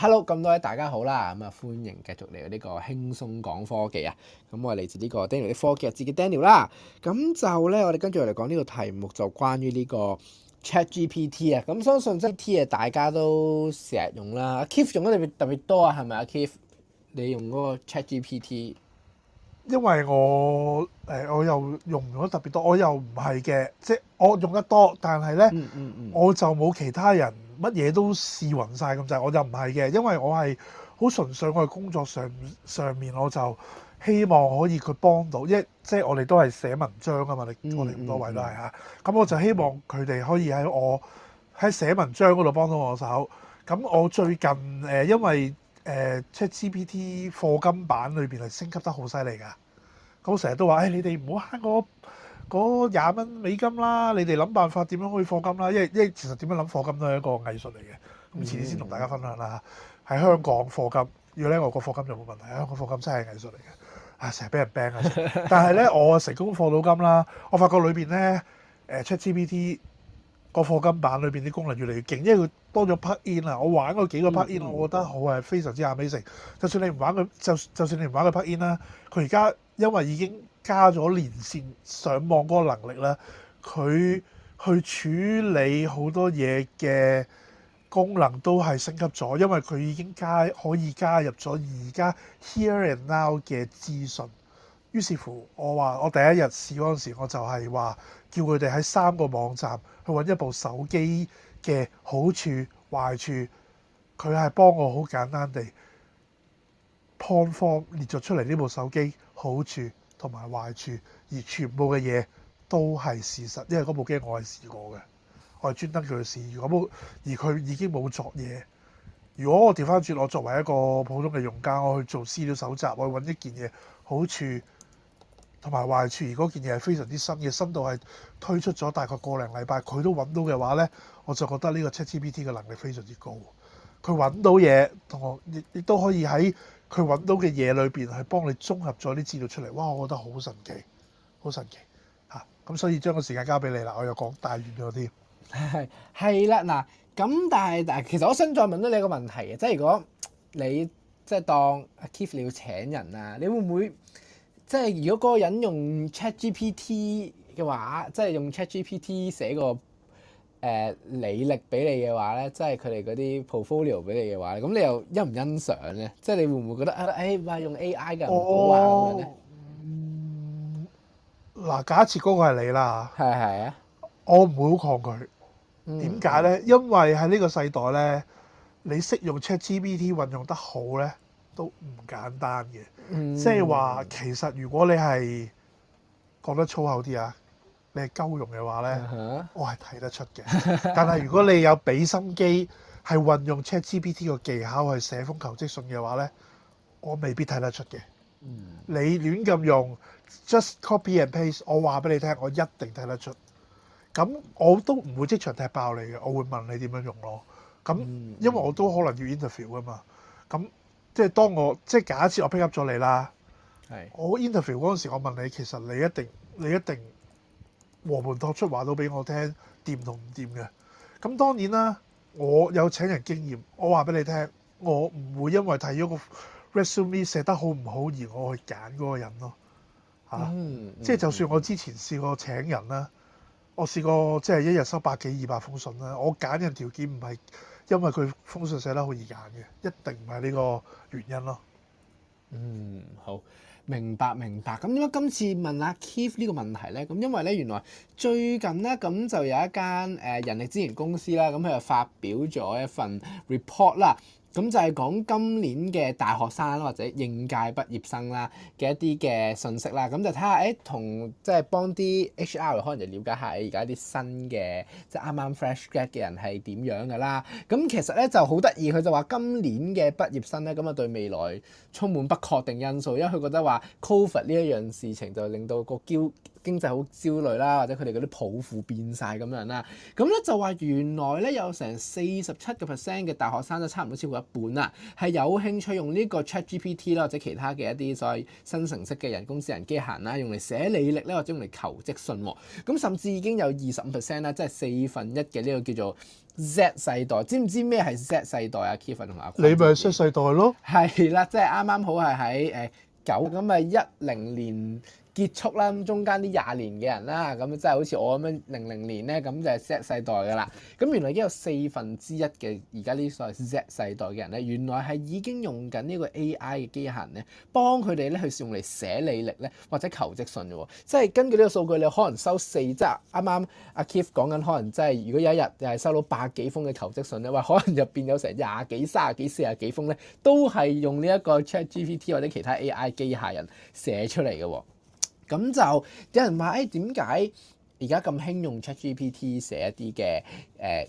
hello，咁多位大家好啦，咁啊歡迎繼續嚟到呢個輕鬆講科技啊，咁我嚟自呢個 Daniel 啲科技日誌嘅 Daniel 啦，咁就咧我哋跟住嚟講呢個題目就關於呢個 ChatGPT 啊，咁相信 GPT 啊大家都成日用啦，阿 Keith 用得特別特別多啊，係咪啊 Keith？你用嗰個 ChatGPT？因為我誒我又用咗特別多，我又唔係嘅，即係我用得多，但係咧，嗯嗯嗯我就冇其他人。乜嘢都試勻晒，咁就，我就唔係嘅，因為我係好純粹我喺工作上上面，我就希望可以佢幫到，因為，即即我哋都係寫文章啊嘛，你、嗯嗯嗯、我哋咁多位都係吓，咁、啊、我就希望佢哋可以喺我喺寫文章嗰度幫到我手。咁我最近誒、呃、因為誒、呃、即係 GPT 課金版裏邊係升級得好犀利㗎，咁成日都話誒、哎、你哋唔好呃我，嗰廿蚊美金啦，你哋諗辦法點樣可以課金啦？因為因為其實點樣諗課金都係一個藝術嚟嘅。咁遲啲先同大家分享啦。喺香港課金，要咧外國課金就冇問題。香港課金真係藝術嚟嘅。啊，成日俾人 ban 啊！但係咧，我成功課到金啦。我發覺裏邊咧，誒 ChatGPT 個課金版裏邊啲功能越嚟越勁，因為佢多咗 plug-in 啊。我玩過幾個 plug-in 我覺得好係非常之 amazing。就算你唔玩佢，就就算你唔玩佢 plug-in 啦，佢而家因為已經。加咗連線上網嗰個能力咧，佢去處理好多嘢嘅功能都係升級咗，因為佢已經加可以加入咗而家 here and now 嘅資訊。於是乎我，我話我第一日試嗰陣時，我就係話叫佢哋喺三個網站去揾一部手機嘅好處、壞處。佢係幫我好簡單地 point form 列咗出嚟呢部手機好處。同埋壞處，而全部嘅嘢都係事實，因為嗰部機我係試過嘅，我係專登叫佢試。如果冇，而佢已經冇作嘢，如果我調翻轉，我作為一個普通嘅用家，我去做資料搜集，我揾一件嘢好處同埋壞處，而嗰件嘢係非常之新嘅，新到係推出咗大概個零禮拜，佢都揾到嘅話呢，我就覺得呢個 ChatGPT 嘅能力非常之高，佢揾到嘢同我亦亦都可以喺。佢揾到嘅嘢裏邊係幫你綜合咗啲資料出嚟，哇！我覺得好神奇，好神奇嚇。咁、啊、所以將個時間交俾你啦，我又講大遠咗啲。係係啦，嗱 咁樂、嗯、但係嗱，其實我想再問多你一個問題嘅，即、就、係、是、如果你即係當阿 Keith 你要請人啊，你會唔會即係、就是、如果嗰個人用 ChatGPT 嘅話，即、就、係、是、用 ChatGPT 寫個？誒、呃、履歷俾你嘅話咧，即係佢哋嗰啲 portfolio 俾你嘅話咧，咁你又欣唔欣賞咧？即係你會唔會覺得啊？誒唔係用 AI 嘅人好啊嗱，假設嗰個係你啦嚇，係係啊，我唔會好抗拒。點解咧？因為喺呢個世代咧，你識用 ChatGPT 運用得好咧，都唔簡單嘅。即係話其實如果你係講得粗口啲啊！你鳩用嘅話呢，uh huh. 我係睇得出嘅。但係如果你有俾心機，係運用 ChatGPT 個技巧去寫封求職信嘅話呢，我未必睇得出嘅。Mm hmm. 你亂咁用 just copy and paste，我話俾你聽，我一定睇得出。咁我都唔會即場踢爆你嘅，我會問你點樣用咯。咁、mm hmm. 因為我都可能要 interview 噶嘛。咁即係當我即係假設我 pick up 咗你啦，mm hmm. 我 interview 嗰陣時，我問你，其實你一定你一定。和盤托出話到俾我聽，掂同唔掂嘅。咁當然啦，我有請人經驗，我話俾你聽，我唔會因為睇咗個 resume 寫得好唔好而我去揀嗰個人咯。嚇、啊，嗯嗯、即係就算我之前試過請人啦，我試過即係一日收百幾二百封信啦，我揀人條件唔係因為佢封信寫得好易揀嘅，一定唔係呢個原因咯。嗯，好。明白明白，咁點解今次問阿 Keith 呢個問題咧？咁因為咧，原來最近咧，咁就有一間誒、呃、人力資源公司啦，咁佢就發表咗一份 report 啦。咁就係講今年嘅大學生啦，或者應屆畢業生啦嘅一啲嘅訊息啦，咁就睇下誒，同、欸、即係幫啲 HR 可能就了解下而家啲新嘅即係啱啱 fresh grad 嘅人係點樣噶啦。咁其實咧就好得意，佢就話今年嘅畢業生咧，咁啊對未來充滿不確定因素，因為佢覺得話 COVID 呢一樣事情就令到個嬌經濟好焦慮啦，或者佢哋嗰啲抱負變晒咁樣啦，咁咧就話原來咧有成四十七個 percent 嘅大學生都差唔多超過一半啦，係有興趣用呢個 ChatGPT 啦或者其他嘅一啲所謂新程式嘅人工智能機械啦，用嚟寫履歷咧或者用嚟求職信喎，咁甚至已經有二十五 percent 啦，即係四分一嘅呢個叫做 Z 世代，知唔知咩係 Z 世代啊？Kevin 同阿你咪出世代咯，係啦，即係啱啱好係喺誒九咁啊一零年。結束啦，咁中間啲廿年嘅人啦，咁即係好似我咁樣零零年咧，咁就係 Z 世代噶啦。咁原來已經有四分之一嘅而家呢啲所謂 Z 世代嘅人咧，原來係已經用緊呢個 AI 嘅機械人咧幫佢哋咧去用嚟寫履歷咧或者求職信嘅喎。即係根據呢個數據，你可能收四，即係啱啱阿 Keith 講緊，可能即係如果有一日就係收到百幾封嘅求職信咧，或可能就變有成廿幾、卅幾、四十幾封咧，都係用呢一個 ChatGPT 或者其他 AI 機械人寫出嚟嘅喎。咁就有人話，誒點解而家咁興用 ChatGPT 寫一啲嘅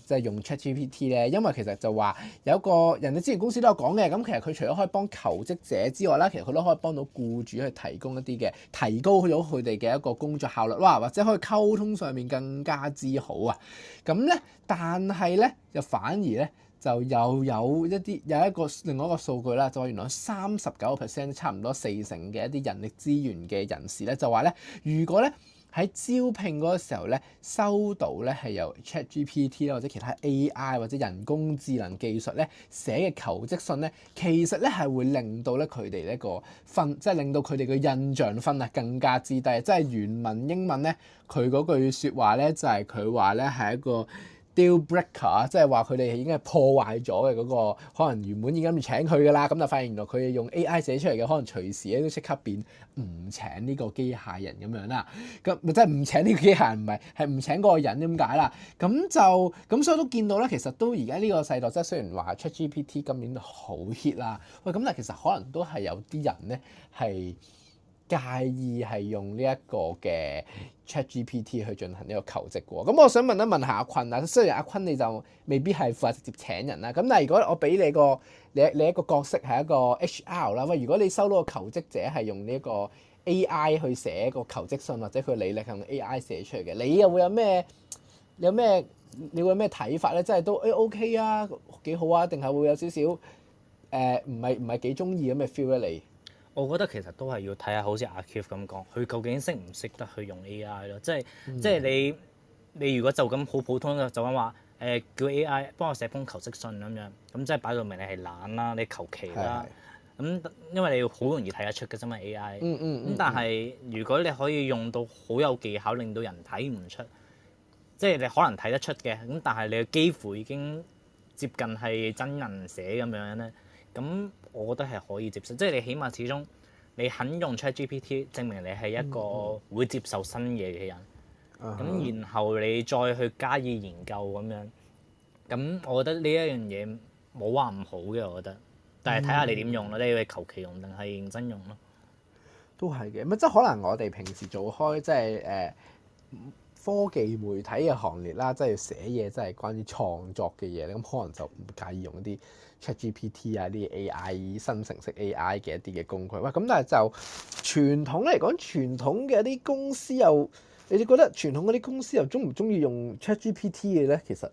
誒，即係用 ChatGPT 咧？因為其實就話有個人哋之前公司都有講嘅，咁其實佢除咗可以幫求職者之外啦，其實佢都可以幫到僱主去提供一啲嘅提高咗佢哋嘅一個工作效率啦，或者可以溝通上面更加之好啊。咁咧，但係咧，就反而咧。就又有一啲有一個另外一個數據啦，就話原來三十九個 percent 差唔多四成嘅一啲人力資源嘅人士咧，就話咧，如果咧喺招聘嗰個時候咧，收到咧係由 ChatGPT 啦或者其他 AI 或者人工智能技術咧寫嘅求職信咧，其實咧係會令到咧佢哋呢個分，即係令到佢哋嘅印象分啊更加之低。即係原文英文咧，佢嗰句説話咧就係佢話咧係一個。Deal breaker 啊，即係話佢哋已經係破壞咗嘅，嗰個可能原本已經要請佢嘅啦，咁就發現原來佢用 AI 寫出嚟嘅，可能隨時咧都即刻變唔請呢個機械人咁樣啦，咁咪即係唔請呢個機械人，唔係係唔請嗰個人咁解啦。咁就咁所以都見到咧，其實都而家呢個世代，即係雖然話出 GPT 今年好 h i t 啦，喂咁但其實可能都係有啲人咧係。介意係用呢一個嘅 ChatGPT 去進行呢個求職喎？咁我想問一問，問一下阿坤啊，雖然阿坤你就未必係負責直接請人啦，咁但係如果我俾你個你你一個角色係一個 HR 啦，喂，如果你收到個求職者係用呢一個 AI 去寫個求職信或者佢嘅履歷係用 AI 寫出嚟嘅，你又會有咩？你有咩？你會有咩睇法咧？即係都誒 OK 啊，幾好啊？定係會有少少誒唔係唔係幾中意咁嘅 feel 咧？你、呃？我覺得其實都係要睇下，好似阿 Keith 咁講，佢究竟識唔識得去用 AI 咯？嗯、即係即係你你如果就咁好普通嘅就咁話誒，叫 AI 幫我寫封求職信咁樣，咁即係擺到明你係懶啦，你求其啦。咁因為你好容易睇得出嘅，因為 AI。嗯咁、嗯、但係如果你可以用到好有技巧，令到人睇唔出，即係你可能睇得出嘅，咁但係你嘅幾乎已經接近係真人寫咁樣咧。咁我覺得係可以接受，即係你起碼始終你肯用 ChatGPT，證明你係一個會接受新嘢嘅人。咁、嗯、然後你再去加以研究咁樣，咁我覺得呢一樣嘢冇話唔好嘅，我覺得。但係睇下你點用咯，嗯、你要求其用定係認真用咯？都係嘅，咪，即係可能我哋平時做開即係誒、呃、科技媒體嘅行列啦，即係寫嘢，即係關於創作嘅嘢，咁可能就唔介意用一啲。ChatGPT 啊啲 AI 新程式 AI 嘅一啲嘅工具，喂咁但係就傳統嚟講，傳統嘅一啲公司又，你哋覺得傳統嗰啲公司又中唔中意用 ChatGPT 嘅咧？其實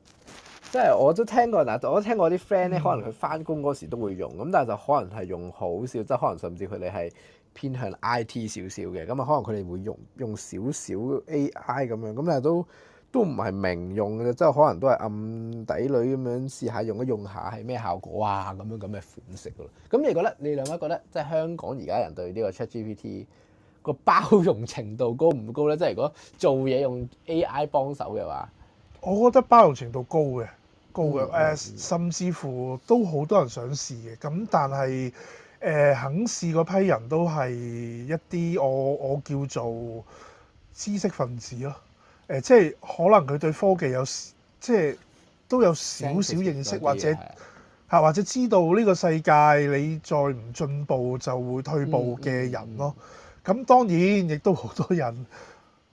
即係、就是、我都聽過，嗱我都聽我啲 friend 咧，可能佢翻工嗰時都會用，咁但係就可能係用好少，即係可能甚至佢哋係偏向 IT 少少嘅，咁啊可能佢哋會用用少少 AI 咁樣，咁但係都。都唔係明用嘅，即係可能都係暗底裏咁樣試下用，用一用下係咩效果啊，咁樣咁嘅款式咯。咁你覺得你兩位覺得，即係香港而家人對呢個 ChatGPT 個包容程度高唔高呢？即係如果做嘢用 AI 幫手嘅話，我覺得包容程度高嘅，高嘅誒，嗯、甚至乎都好多人想試嘅。咁但係誒、呃、肯試嗰批人都係一啲我我叫做知識分子咯。誒，即係可能佢對科技有，即係都有少，少少認識，或者嚇，的或者知道呢個世界你再唔進步就會退步嘅人咯。咁、嗯嗯、當然亦都好多人誒，淨、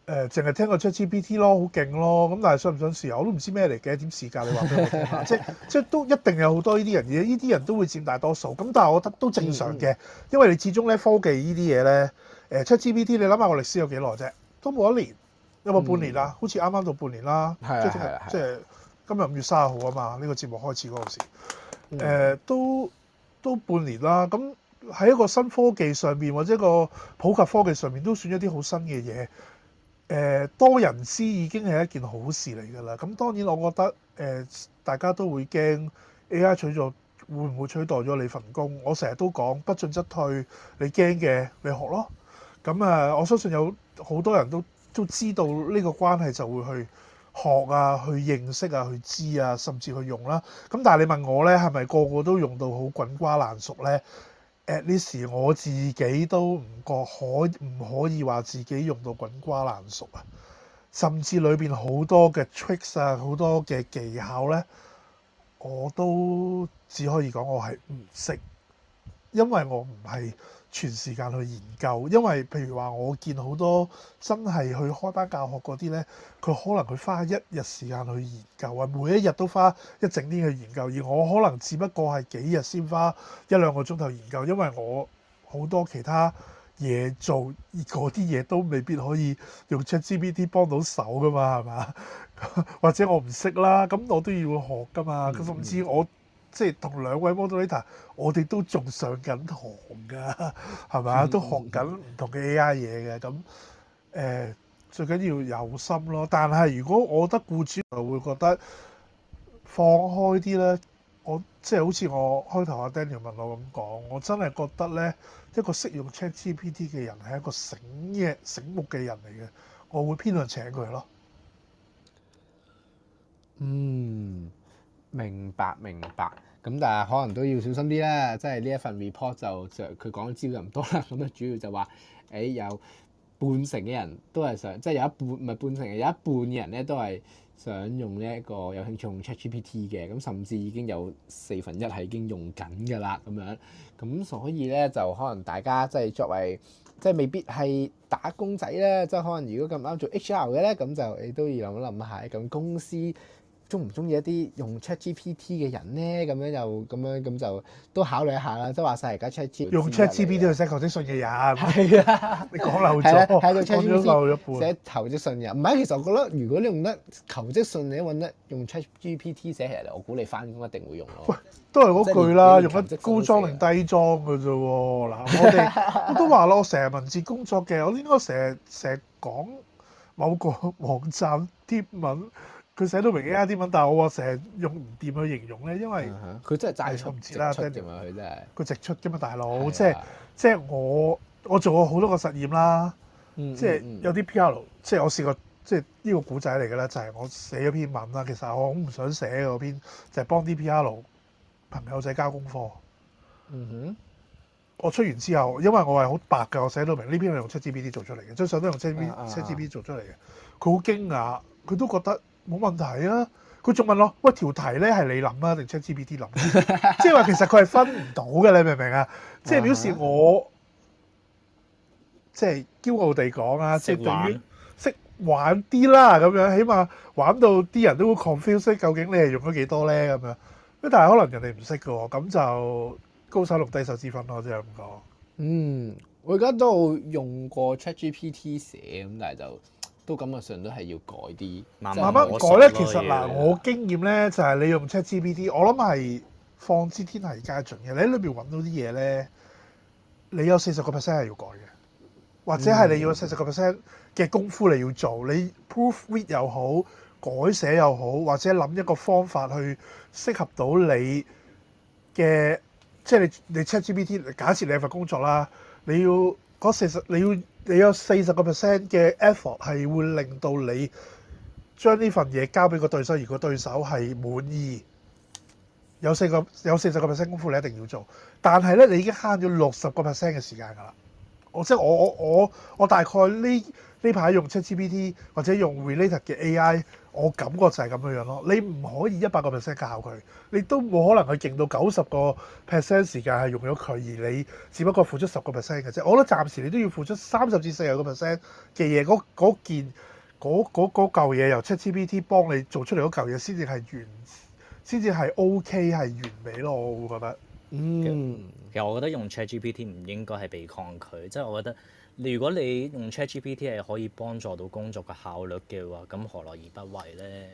呃、係聽過 ChatGPT 咯，好勁咯。咁但係想唔想試啊？我都唔知咩嚟嘅，點試㗎？你話俾我聽下， 即係即係都一定有好多呢啲人嘅，呢啲人都會佔大多數。咁但係我覺得都正常嘅，嗯嗯、因為你始終咧科技呢啲嘢咧，誒、呃、ChatGPT、呃、你諗下我歷史有幾耐啫，都冇一年。有冇半年啦，嗯、好似啱啱到半年啦，即即係今日五月三十號啊嘛，呢、呢個節目開始嗰陣時的、呃，都都半年啦。咁喺一個新科技上面，或者一個普及科技上面，都算一啲好新嘅嘢。誒、呃、多人知已經係一件好事嚟㗎啦。咁當然我覺得誒、呃、大家都會驚 AI 取代會唔會取代咗你份工？我成日都講不進則退，你驚嘅你學咯。咁啊，我相信有好多人都。都知道呢個關係就會去學啊，去認識啊，去知啊，甚至去用啦。咁但係你問我咧，係咪個個都用到好滾瓜爛熟咧？At least，我自己都唔覺可唔可以話自己用到滾瓜爛熟啊？甚至裏邊好多嘅 tricks 啊，好多嘅技巧咧，我都只可以講我係唔識。因為我唔係全時間去研究，因為譬如話我見好多真係去開班教學嗰啲咧，佢可能佢花一日時間去研究啊，每一日都花一整天去研究，而我可能只不過係幾日先花一兩個鐘頭研究，因為我好多其他嘢做，嗰啲嘢都未必可以用 ChatGPT 幫到手㗎嘛，係嘛？ 或者我唔識啦，咁我都要學㗎嘛，甚至我，嗯即係同兩位 moderator，我哋都仲上緊堂噶，係咪？都學緊唔同嘅 AI 嘢嘅咁。誒、呃，最緊要有心咯。但係如果我覺得僱主就會覺得放開啲咧，我即係好似我開頭阿 Daniel 問我咁講，我真係覺得咧一個識用 ChatGPT 嘅人係一個醒嘅醒目嘅人嚟嘅，我會偏向請佢咯。嗯。明白明白，咁但係可能都要小心啲啦。即係呢一份 report 就就佢講嘅資料就唔多啦，咁咧主要就話，誒、欸、有半成嘅人都係想，即係有一半唔係半成，有一半嘅人咧都係想用呢、這、一個有興趣用 ChatGPT 嘅，咁甚至已經有四分一係已經用緊㗎啦，咁樣，咁所以咧就可能大家即係作為，即係未必係打工仔咧，即係可能如果咁啱做 HR 嘅咧，咁就你都要諗一諗下，咁公司。中唔中意一啲用 ChatGPT 嘅人咧？咁樣又咁樣咁就都考慮一下啦。即係話晒，而家 ChatGPT 用 ChatGPT 去寫求職信嘅人，係啊， 你講漏咗，講咗、啊哦、漏一半，寫求職信嘅人。唔係，其實我覺得如果你用得求職信，你揾得用 ChatGPT 寫嚟，我估你翻工一定會用咯。喂，都係嗰句啦，用得高裝定低裝嘅啫。嗱， 我哋我都話咯，我成日文字工作嘅，我應該成日成日講某個網站貼文。佢寫到明 A I 啲文，但係我成日用唔掂去形容咧，因為佢、uh huh. 真係齋出唔切啦，出唔掂，佢真係佢直出㗎嘛，大佬，即係即係我我做過好多個實驗啦，即係、mm hmm. 有啲 P.R. 即係我試過即係呢個古仔嚟嘅啦，就係、是就是、我寫咗篇文啦。其實我好唔想寫嗰篇，就係、是、幫啲 P.R. 朋友仔交功課。嗯哼、uh，huh. 我出完之後，因為我係好白㗎，我寫到明呢篇係用 ChatGPT 做出嚟嘅，張相都用 ChatGPT ChatGPT 做出嚟嘅。佢好、uh huh. 驚訝，佢都覺得。冇問題啊！佢仲問我：喂，條題咧係你諗啊，定 ChatGPT 諗？即係話其實佢係分唔到嘅，你明唔明啊？ 即係表示我即係驕傲地講啊！即係對於識玩啲啦，咁樣起碼玩到啲人都會 confuse 究竟你係用咗幾多咧咁樣。但係可能人哋唔識嘅喎，咁就高手露低手之分咯，即係咁講。嗯，我而家都有用過 ChatGPT 寫咁，但係就。都感覺上都係要改啲，慢慢改咧。其實嗱，我經驗咧就係、是、你用 ChatGPT，我諗係放之天下皆準嘅。你喺裏邊揾到啲嘢咧，你有四十個 percent 係要改嘅，或者係你要有四十個 percent 嘅功夫嚟要做。你 proof read 又好，改寫又好，或者諗一個方法去適合到你嘅，即、就、係、是、你你 ChatGPT，假設你有份工作啦，你要嗰四十你要。你有四十個 percent 嘅 effort 係會令到你將呢份嘢交俾個對手，而個對手係滿意。有四個有四十個 percent 功夫，你一定要做，但係咧，你已經慳咗六十個 percent 嘅時間㗎啦。我即係我我我我大概呢呢排用 ChatGPT 或者用 related 嘅 AI。我感覺就係咁樣樣咯，你唔可以一百個 percent 教佢，你都冇可能佢勁到九十個 percent 時間係用咗佢，而你只不過付出十個 percent 嘅啫。我覺得暫時你都要付出三十至四十個 percent 嘅嘢，嗰件嗰嚿嘢由 ChatGPT 幫你做出嚟嗰嚿嘢先至係完，先至係 OK 係完美咯，我會覺得。嗯，其實我覺得用 ChatGPT 唔應該係被抗拒，即係我覺得。如果你用 ChatGPT 係可以幫助到工作嘅效率嘅話，咁何樂而不為咧？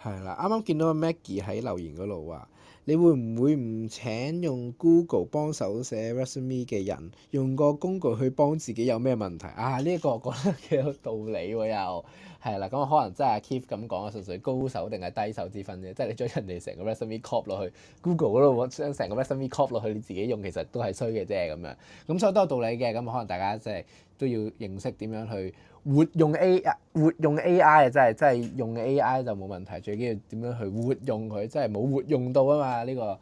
係啦，啱啱見到阿 Maggie 喺留言嗰度話。你會唔會唔請用 Google 幫手寫 resume 嘅人，用個工具去幫自己有咩問題啊？呢、這、一個我覺得幾有道理喎，又係啦。咁可能真係阿 Keith 咁講啊，純粹高手定係低手之分啫。即係你將人哋成個 resume copy 落去 Google 嗰度，將成個 resume copy 落去你自己用，其實都係衰嘅啫咁樣。咁所以都有道理嘅。咁可能大家即、就、係、是。都要認識點樣去活用 A 啊，活用 AI 啊，真係真係用 AI 就冇問題。最緊要點樣去活用佢，真係冇活用到啊嘛呢個。